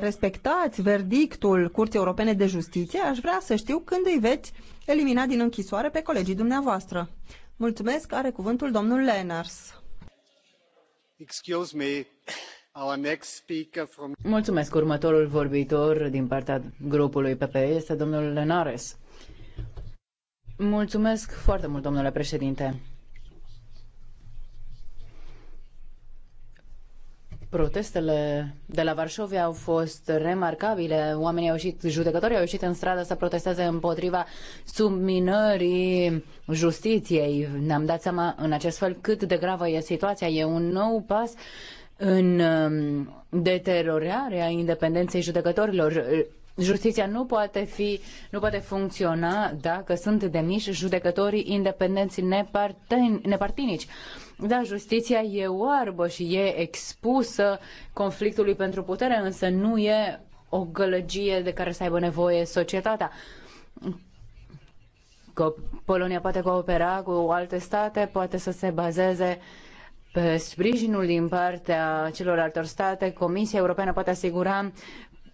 respectați verdictul Curții Europene de Justiție, aș vrea să știu când îi veți elimina din închisoare pe colegii dumneavoastră. Mulțumesc, are cuvântul domnul Lenars. Excuse me. Our next speaker from... Mulțumesc. Următorul vorbitor din partea grupului PPE este domnul Lenares. Mulțumesc foarte mult, domnule președinte. Protestele de la Varșovia au fost remarcabile. Oamenii au ieșit, judecătorii au ieșit în stradă să protesteze împotriva subminării justiției. Ne-am dat seama în acest fel cât de gravă e situația. E un nou pas în um, deteriorarea independenței judecătorilor. Justiția nu poate, fi, nu poate funcționa dacă sunt demiși judecătorii independenți nepartinici. Da, justiția e oarbă și e expusă conflictului pentru putere, însă nu e o gălăgie de care să aibă nevoie societatea. Că Polonia poate coopera cu alte state, poate să se bazeze pe sprijinul din partea celorlalte state. Comisia Europeană poate asigura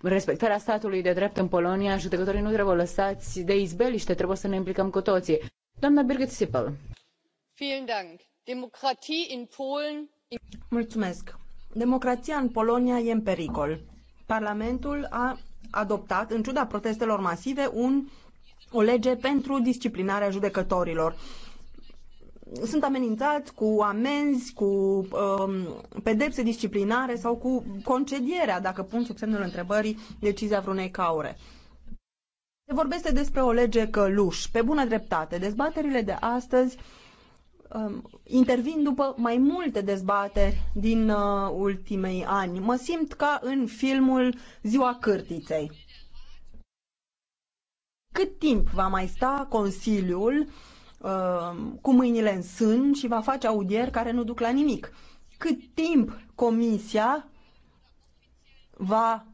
respectarea statului de drept în Polonia. Judecătorii nu trebuie lăsați de izbeliște, trebuie să ne implicăm cu toții. Doamna Birgit Sipel. Vielen Dank. Democrația în Polonia e în pericol. Parlamentul a adoptat, în ciuda protestelor masive, un, o lege pentru disciplinarea judecătorilor. Sunt amenințați cu amenzi, cu um, pedepse disciplinare sau cu concedierea, dacă pun sub semnul întrebării, decizia vreunei caure. Se vorbește despre o lege căluș, pe bună dreptate. Dezbaterile de astăzi uh, Um, intervin după mai multe dezbateri din uh, ultimei ani. Mă simt ca în filmul Ziua Cârtiței. Cât timp va mai sta Consiliul uh, cu mâinile în sân și va face audieri care nu duc la nimic? Cât timp Comisia va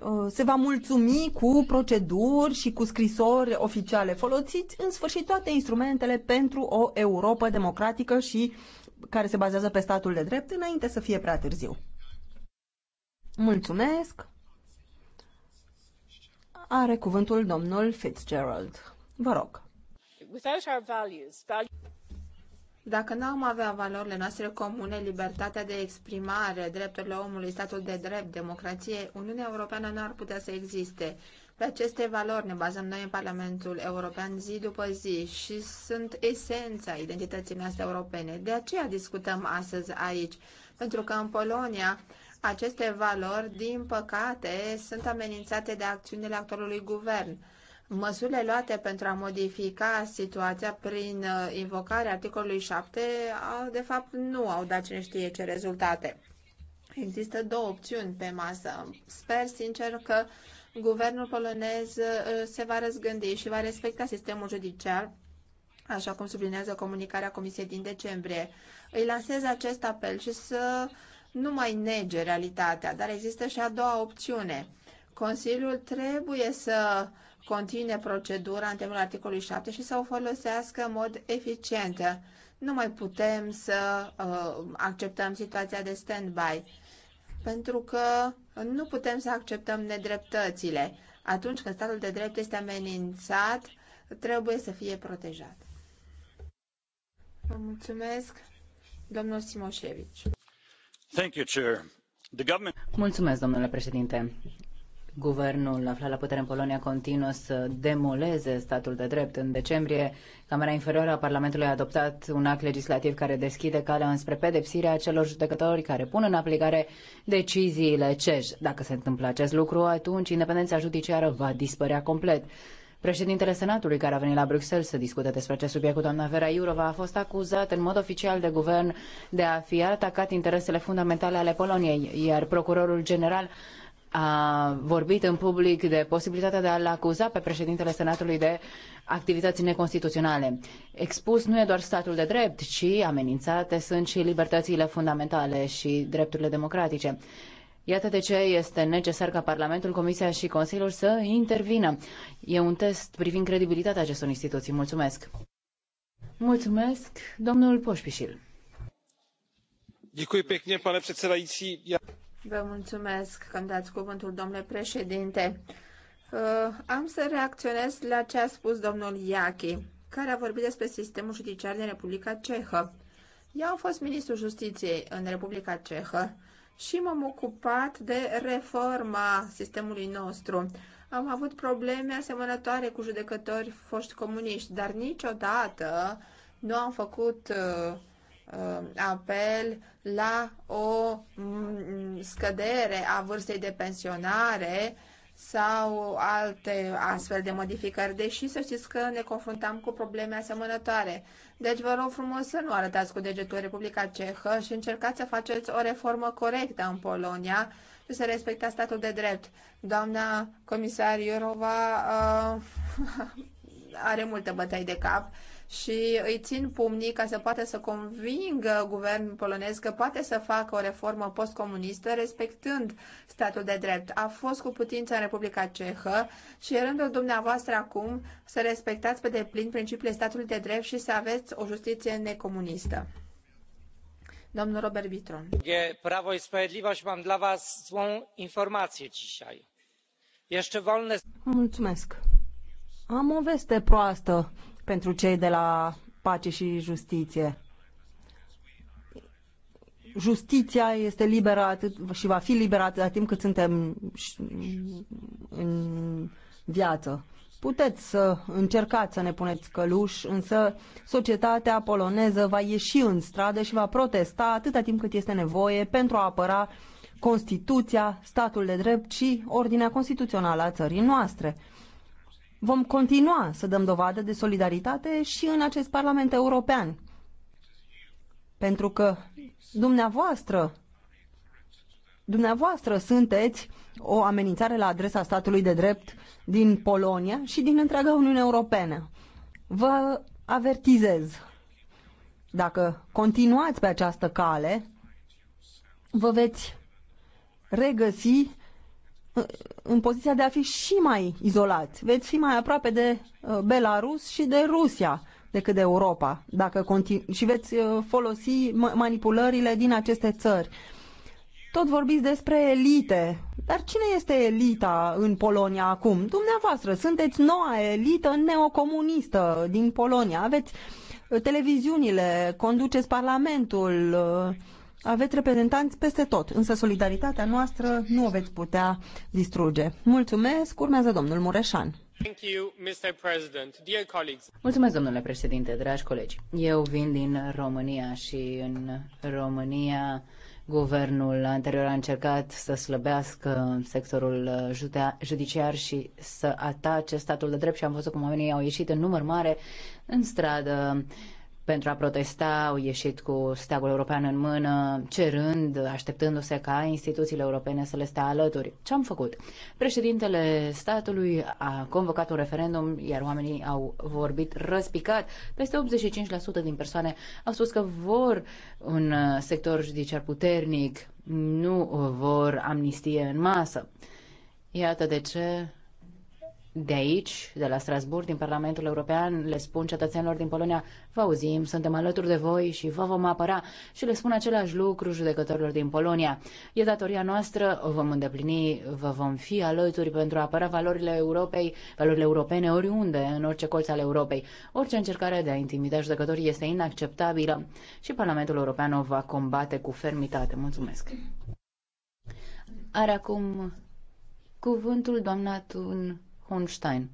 Uh, se va mulțumi cu proceduri și cu scrisori oficiale. Folosiți în sfârșit toate instrumentele pentru o Europa democratică și care se bazează pe statul de drept înainte să fie prea târziu. Mulțumesc. Are cuvântul domnul Fitzgerald. Vă rog. Dacă n-am avea valorile noastre comune, libertatea de exprimare, drepturile omului, statul de drept, democrație, Uniunea Europeană nu ar putea să existe. Pe aceste valori ne bazăm noi în Parlamentul European zi după zi și sunt esența identității noastre europene. De aceea discutăm astăzi aici, pentru că în Polonia aceste valori, din păcate, sunt amenințate de acțiunile actualului guvern Măsurile luate pentru a modifica situația prin uh, invocarea articolului 7, de fapt, nu au dat cine știe ce rezultate. Există două opțiuni pe masă. Sper sincer că guvernul polonez uh, se va răzgândi și va respecta sistemul judiciar, așa cum sublinează comunicarea Comisiei din decembrie. Îi lansez acest apel și să nu mai nege realitatea, dar există și a doua opțiune – Consiliul trebuie să continue procedura în temul articolului 7 și să o folosească în mod eficient. Nu mai putem să uh, acceptăm situația de stand-by, pentru că nu putem să acceptăm nedreptățile. Atunci când statul de drept este amenințat, trebuie să fie protejat. Vă mulțumesc, domnul Simoșevici. Thank you, Chair. Mulțumesc, domnule președinte Guvernul aflat la putere în Polonia continuă să demoleze statul de drept. În decembrie, Camera Inferioară a Parlamentului a adoptat un act legislativ care deschide calea înspre pedepsirea celor judecători care pun în aplicare deciziile CEJ. Dacă se întâmplă acest lucru, atunci independența judiciară va dispărea complet. Președintele Senatului, care a venit la Bruxelles să discute despre acest subiect cu doamna Vera Iurova, a fost acuzat în mod oficial de guvern de a fi atacat interesele fundamentale ale Poloniei, iar procurorul general a vorbit în public de posibilitatea de a-l acuza pe președintele Senatului de activități neconstituționale. Expus nu e doar statul de drept, ci amenințate sunt și libertățile fundamentale și drepturile democratice. Iată de ce este necesar ca Parlamentul, Comisia și Consiliul să intervină. E un test privind credibilitatea acestor instituții. Mulțumesc! Mulțumesc, domnul Poșpișil. Děkuji pěkně, pane předsedající. Vă mulțumesc că îmi dați cuvântul, domnule președinte. Uh, am să reacționez la ce a spus domnul Iachi, care a vorbit despre sistemul judiciar din Republica Cehă. Eu am fost ministrul justiției în Republica Cehă și m-am ocupat de reforma sistemului nostru. Am avut probleme asemănătoare cu judecători foști comuniști, dar niciodată nu am făcut uh, Uh, apel la o mm, scădere a vârstei de pensionare sau alte astfel de modificări, deși să știți că ne confruntam cu probleme asemănătoare. Deci vă rog frumos să nu arătați cu degetul Republica Cehă și încercați să faceți o reformă corectă în Polonia și să respectați statul de drept. Doamna comisar Iorova uh, are multe bătăi de cap și îi țin pumnii ca să poată să convingă guvernul polonez că poate să facă o reformă postcomunistă respectând statul de drept. A fost cu putință în Republica Cehă și e rândul dumneavoastră acum să respectați pe deplin principiile statului de drept și să aveți o justiție necomunistă. Domnul Robert Bitron. Prawo i Sprawiedliwość mam dla was złą informację dzisiaj. Ești wolne... Mulțumesc. Am o veste proastă pentru cei de la pace și justiție. Justiția este liberă atât și va fi liberă atât timp cât suntem în viață. Puteți să încercați să ne puneți căluș, însă societatea poloneză va ieși în stradă și va protesta atâta timp cât este nevoie pentru a apăra Constituția, statul de drept și ordinea constituțională a țării noastre. Vom continua să dăm dovadă de solidaritate și în acest Parlament European. Pentru că dumneavoastră, dumneavoastră sunteți o amenințare la adresa statului de drept din Polonia și din întreaga Uniune Europeană. Vă avertizez, dacă continuați pe această cale, vă veți regăsi în poziția de a fi și mai izolați. Veți fi mai aproape de uh, Belarus și de Rusia decât de Europa dacă continu- și veți uh, folosi manipulările din aceste țări. Tot vorbiți despre elite. Dar cine este elita în Polonia acum? Dumneavoastră, sunteți noua elită neocomunistă din Polonia. Aveți uh, televiziunile, conduceți parlamentul, aveți reprezentanți peste tot, însă solidaritatea noastră nu o veți putea distruge. Mulțumesc, urmează domnul Mureșan. Mulțumesc, domnule președinte, dragi colegi. Eu vin din România și în România guvernul anterior a încercat să slăbească sectorul judiciar și să atace statul de drept și am văzut cum oamenii au ieșit în număr mare în stradă pentru a protesta, au ieșit cu steagul european în mână, cerând, așteptându-se ca instituțiile europene să le stea alături. Ce am făcut? Președintele statului a convocat un referendum, iar oamenii au vorbit răspicat. Peste 85% din persoane au spus că vor un sector judiciar puternic, nu vor amnistie în masă. Iată de ce de aici, de la Strasburg, din Parlamentul European, le spun cetățenilor din Polonia, vă auzim, suntem alături de voi și vă vom apăra și le spun același lucru judecătorilor din Polonia. E datoria noastră, o vom îndeplini, vă vom fi alături pentru a apăra valorile Europei, valorile europene oriunde, în orice colț al Europei. Orice încercare de a intimida judecătorii este inacceptabilă și Parlamentul European o va combate cu fermitate. Mulțumesc! Are acum cuvântul doamna Tun Honstein.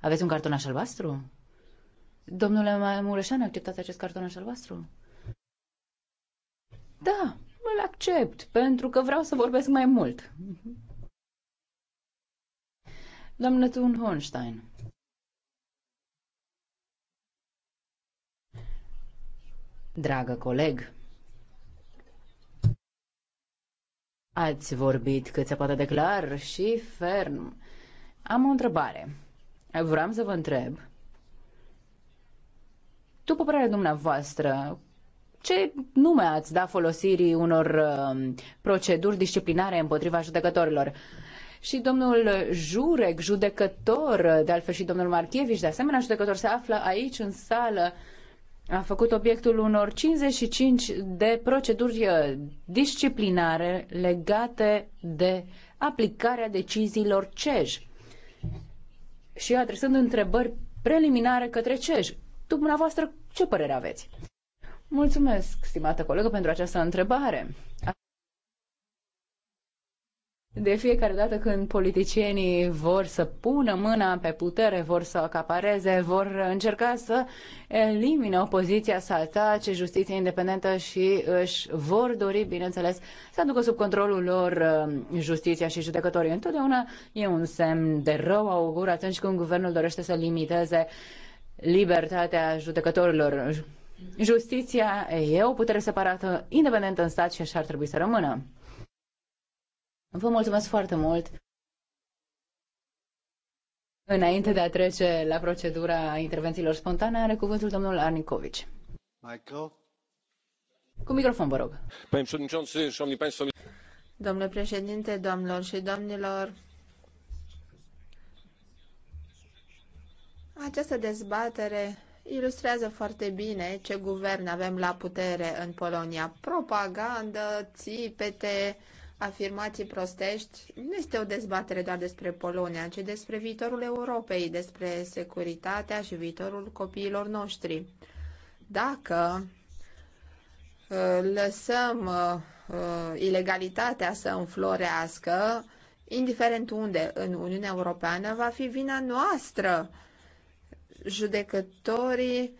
Aveți un cartonaș albastru? Domnule Mureșan, acceptați acest cartonaș albastru? Da, îl accept, pentru că vreau să vorbesc mai mult. Doamnă Thun Hornstein. Dragă coleg, ați vorbit cât se poate de clar și ferm am o întrebare. Vreau să vă întreb. După părerea dumneavoastră, ce nume ați da folosirii unor um, proceduri disciplinare împotriva judecătorilor? Și domnul Jurec, judecător, de altfel și domnul Marchievici, de asemenea judecător, se află aici în sală, a făcut obiectul unor 55 de proceduri uh, disciplinare legate de aplicarea deciziilor CEJ și adresând întrebări preliminare către CEJ. Dumneavoastră, ce părere aveți? Mulțumesc, stimată colegă, pentru această întrebare. De fiecare dată când politicienii vor să pună mâna pe putere, vor să acapareze, vor încerca să elimine opoziția, să atace justiția independentă și își vor dori, bineînțeles, să aducă sub controlul lor um, justiția și judecătorii. Întotdeauna e un semn de rău augur atunci când guvernul dorește să limiteze libertatea judecătorilor. Justiția e o putere separată, independentă în stat și așa ar trebui să rămână. Vă mulțumesc foarte mult! Înainte de a trece la procedura intervențiilor spontane, are cuvântul domnul Arnicovici. Michael? Cu microfon, vă rog. Domnule președinte, doamnelor și domnilor, această dezbatere ilustrează foarte bine ce guvern avem la putere în Polonia. Propagandă, țipete, afirmații prostești, nu este o dezbatere doar despre Polonia, ci despre viitorul Europei, despre securitatea și viitorul copiilor noștri. Dacă uh, lăsăm uh, uh, ilegalitatea să înflorească, indiferent unde în Uniunea Europeană, va fi vina noastră. Judecătorii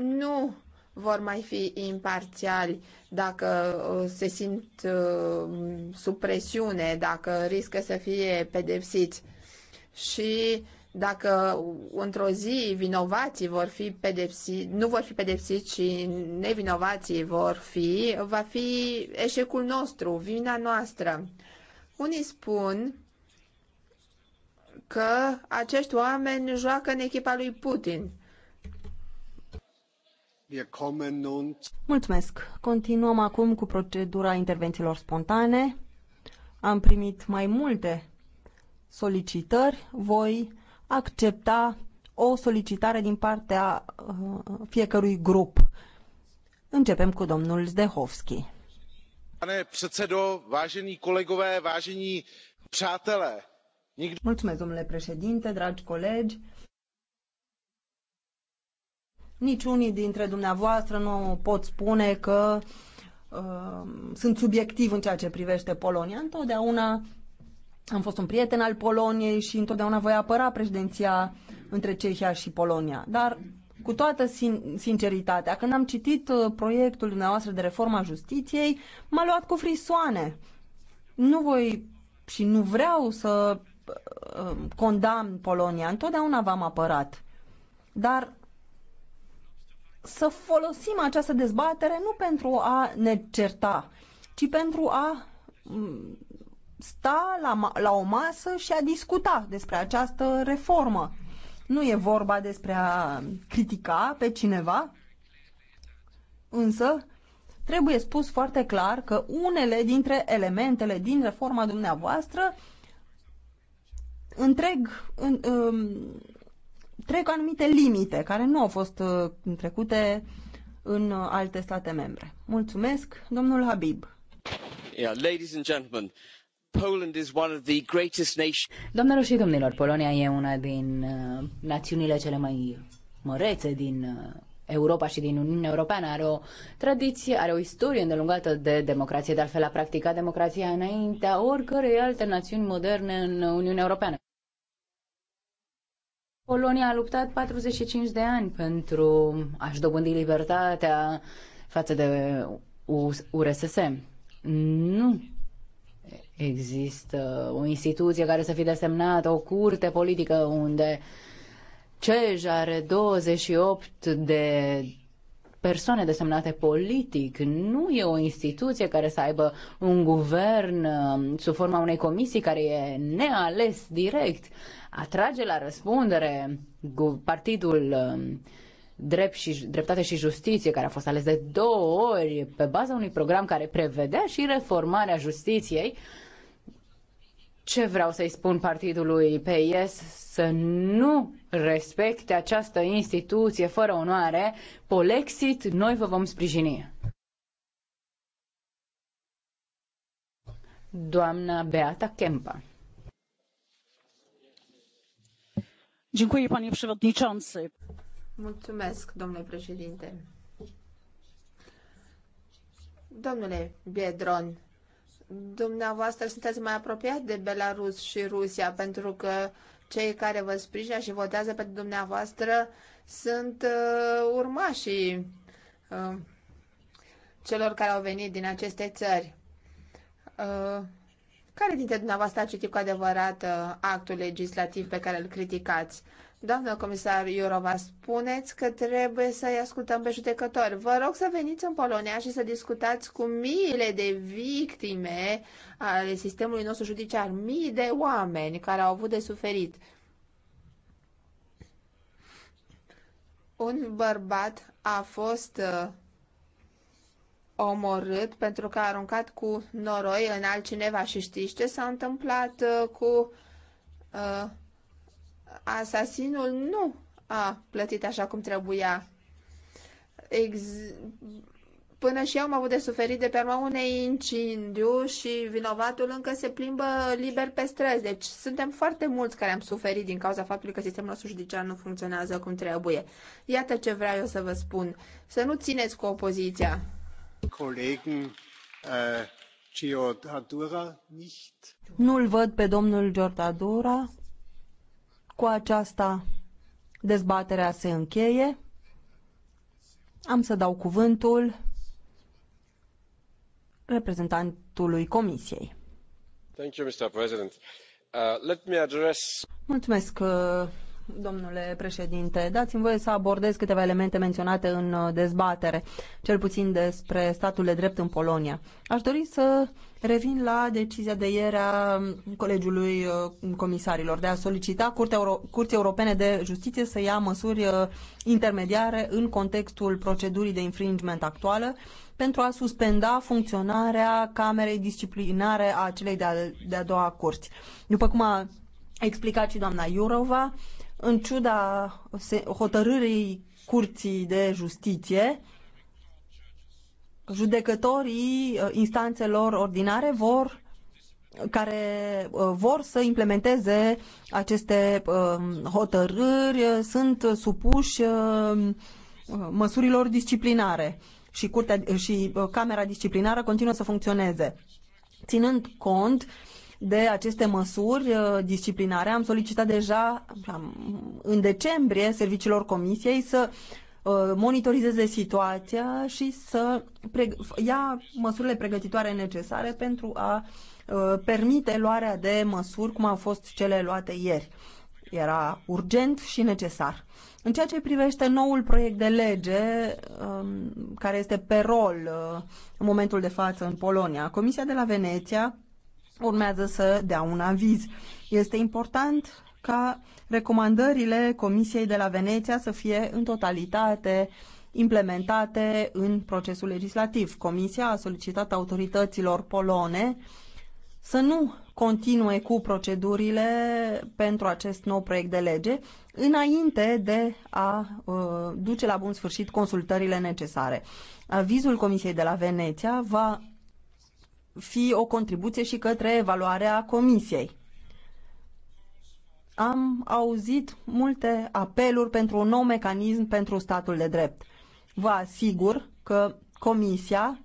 nu vor mai fi imparțiali dacă uh, se simt uh, sub presiune, dacă riscă să fie pedepsiți și dacă într-o zi vinovații vor fi pedepsiți, nu vor fi pedepsiți și nevinovații vor fi, va fi eșecul nostru, vina noastră. Unii spun că acești oameni joacă în echipa lui Putin. Mulțumesc. Continuăm acum cu procedura intervențiilor spontane. Am primit mai multe solicitări. Voi accepta o solicitare din partea uh, fiecărui grup. Începem cu domnul Zdehovski. Pane předsedo, vážení kolegové, vážení přátelé. Mulțumesc, domnule președinte, dragi colegi. Niciunii dintre dumneavoastră nu pot spune că uh, sunt subiectiv în ceea ce privește Polonia. Întotdeauna am fost un prieten al Poloniei și întotdeauna voi apăra președinția între Cehia și Polonia. Dar cu toată sin- sinceritatea, când am citit uh, proiectul dumneavoastră de reforma justiției, m-a luat cu frisoane. Nu voi și nu vreau să uh, condamn Polonia. Întotdeauna v-am apărat. Dar să folosim această dezbatere nu pentru a ne certa, ci pentru a mm, sta la, la o masă și a discuta despre această reformă. Nu e vorba despre a critica pe cineva, însă trebuie spus foarte clar că unele dintre elementele din reforma dumneavoastră întreg în, trec anumite limite care nu au fost uh, trecute în uh, alte state membre. Mulțumesc, domnul Habib. Yeah, ladies and gentlemen, Poland is one of the greatest Domnilor și domnilor, Polonia e una din uh, națiunile cele mai mărețe din uh, Europa și din Uniunea Europeană. Are o tradiție, are o istorie îndelungată de democrație, de altfel a practicat democrația înaintea oricărei alte națiuni moderne în Uniunea Europeană. Polonia a luptat 45 de ani pentru a-și dobândi libertatea față de URSS. Nu există o instituție care să fie desemnată, o curte politică unde CEJ are 28 de persoane desemnate politic, nu e o instituție care să aibă un guvern uh, sub forma unei comisii care e neales direct atrage la răspundere partidul um, drept și, dreptate și justiție, care a fost ales de două ori pe baza unui program care prevedea și reformarea justiției, ce vreau să-i spun partidului PIS să nu respecte această instituție fără onoare, Polexit, noi vă vom sprijini. Doamna Beata Kempa. domnule președinte. Domnule Biedron, dumneavoastră sunteți mai apropiat de Belarus și Rusia pentru că cei care vă sprijină și votează pentru dumneavoastră sunt uh, urmașii uh, celor care au venit din aceste țări. Uh, care dintre dumneavoastră a citit cu adevărat uh, actul legislativ pe care îl criticați? Doamnă comisar Iurova, spuneți că trebuie să-i ascultăm pe judecători. Vă rog să veniți în Polonia și să discutați cu miile de victime ale sistemului nostru judiciar, mii de oameni care au avut de suferit. Un bărbat a fost uh, omorât pentru că a aruncat cu noroi în altcineva și știți ce s-a întâmplat uh, cu uh, asasinul? Nu a plătit așa cum trebuia. Ex- Până și eu am avut de suferit de pe urma unei incendiu și vinovatul încă se plimbă liber pe străzi. Deci suntem foarte mulți care am suferit din cauza faptului că sistemul nostru judiciar nu funcționează cum trebuie. Iată ce vreau eu să vă spun. Să nu țineți cu opoziția. Äh, Nu-l văd pe domnul Giordadura. Cu aceasta dezbaterea se încheie. Am să dau cuvântul reprezentantului Comisiei. Thank you, Mr. President. Uh, let me address... Mulțumesc, uh domnule președinte. Dați-mi voie să abordez câteva elemente menționate în uh, dezbatere, cel puțin despre statul de drept în Polonia. Aș dori să revin la decizia de ieri a Colegiului uh, Comisarilor de a solicita Curtea Euro- Curții Europene de Justiție să ia măsuri uh, intermediare în contextul procedurii de infringement actuală pentru a suspenda funcționarea Camerei Disciplinare a celei de-a, de-a doua curți. După cum a explicat și doamna Iurova, în ciuda hotărârii Curții de Justiție, judecătorii uh, instanțelor ordinare vor care uh, vor să implementeze aceste um, hotărâri uh, sunt supuși măsurilor disciplinare și, curtea, și Camera Disciplinară continuă să funcționeze, ținând cont de aceste măsuri uh, disciplinare. Am solicitat deja în decembrie serviciilor comisiei să uh, monitorizeze situația și să ia măsurile pregătitoare necesare pentru a uh, permite luarea de măsuri cum au fost cele luate ieri. Era urgent și necesar. În ceea ce privește noul proiect de lege um, care este pe rol în momentul de față în Polonia, Comisia de la Veneția urmează să dea un aviz. Este important ca recomandările Comisiei de la Veneția să fie în totalitate implementate în procesul legislativ. Comisia a solicitat autorităților polone să nu continue cu procedurile pentru acest nou proiect de lege înainte de a uh, duce la bun sfârșit consultările necesare. Avizul Comisiei de la Veneția va fi o contribuție și către evaluarea comisiei. Am auzit multe apeluri pentru un nou mecanism pentru statul de drept. Vă asigur că comisia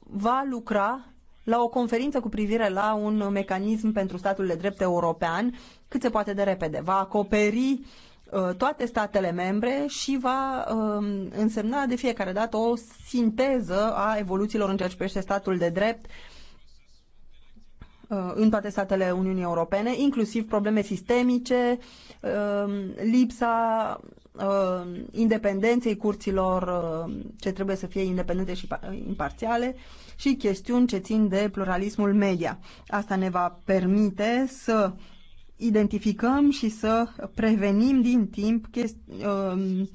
va lucra la o conferință cu privire la un mecanism pentru statul de drept european cât se poate de repede. Va acoperi uh, Uh, toate statele membre și va um, însemna de fiecare dată o sinteză a evoluțiilor în ceea ce privește statul de drept uh, în toate statele Uniunii Europene, inclusiv probleme sistemice, um, lipsa um, independenței curților ce trebuie să fie independente și imparțiale și chestiuni ce țin de pluralismul media. Asta ne va permite să identificăm și să prevenim din timp um,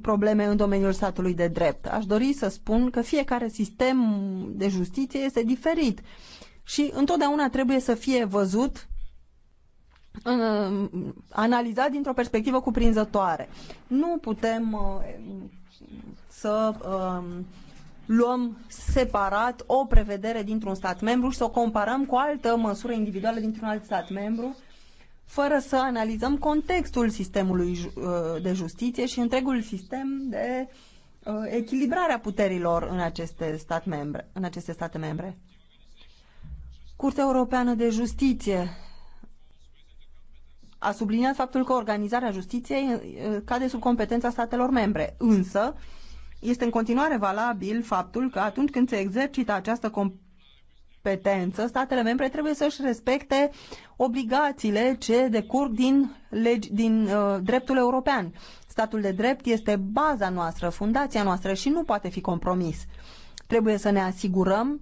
probleme în domeniul statului de drept. Aș dori să spun că fiecare sistem de justiție este diferit și întotdeauna trebuie să fie văzut um, analizat dintr-o perspectivă cuprinzătoare. Nu putem uh, să um, luăm separat o prevedere dintr-un stat membru și să o comparăm cu o altă măsură individuală dintr-un alt stat membru, fără să analizăm contextul sistemului uh, de justiție și întregul sistem de uh, echilibrare a puterilor în aceste, stat membre, în aceste state membre. Curtea Europeană de Justiție a subliniat faptul că organizarea justiției uh, cade sub competența statelor membre, însă este în continuare valabil faptul că atunci când se exercită această competență, statele membre trebuie să-și respecte obligațiile ce decurg din, legi, din uh, dreptul european. Statul de drept este baza noastră, fundația noastră și nu poate fi compromis. Trebuie să ne asigurăm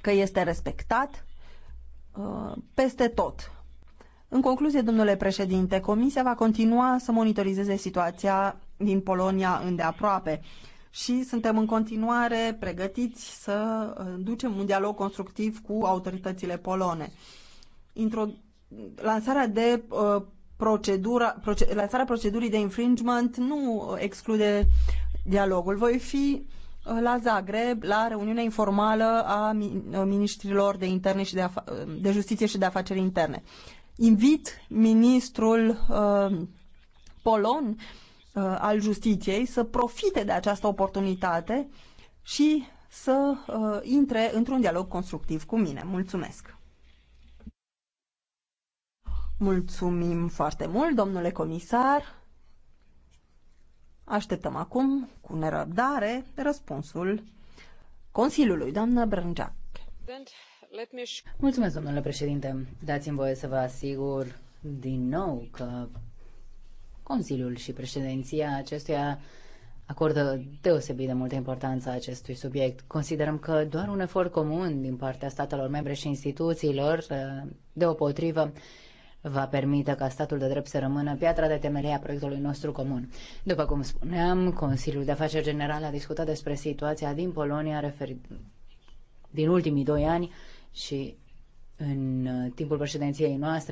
că este respectat uh, peste tot în concluzie, domnule președinte, Comisia va continua să monitorizeze situația din Polonia îndeaproape și suntem în continuare pregătiți să uh, ducem un dialog constructiv cu autoritățile polone. Intro... Lansarea de uh, procedura, proce... lansarea procedurii de infringement nu uh, exclude dialogul. Voi fi uh, la Zagreb, la reuniunea informală a miniștrilor de, interne și de, de justiție și de afaceri interne invit ministrul uh, polon uh, al justiției să profite de această oportunitate și să uh, intre într-un dialog constructiv cu mine. Mulțumesc! Mulțumim foarte mult, domnule comisar. Așteptăm acum, cu nerăbdare, răspunsul Consiliului. Doamnă Brânjac. Mulțumesc, domnule președinte. Dați-mi voie să vă asigur din nou că Consiliul și președinția acestuia acordă deosebit de multă importanță acestui subiect. Considerăm că doar un efort comun din partea statelor membre și instituțiilor, eh, deopotrivă, va permite ca statul de drept să rămână piatra de temelie a proiectului nostru comun. După cum spuneam, Consiliul de Afaceri Generale a discutat despre situația din Polonia referit din ultimii doi ani și în uh, timpul președinției noastre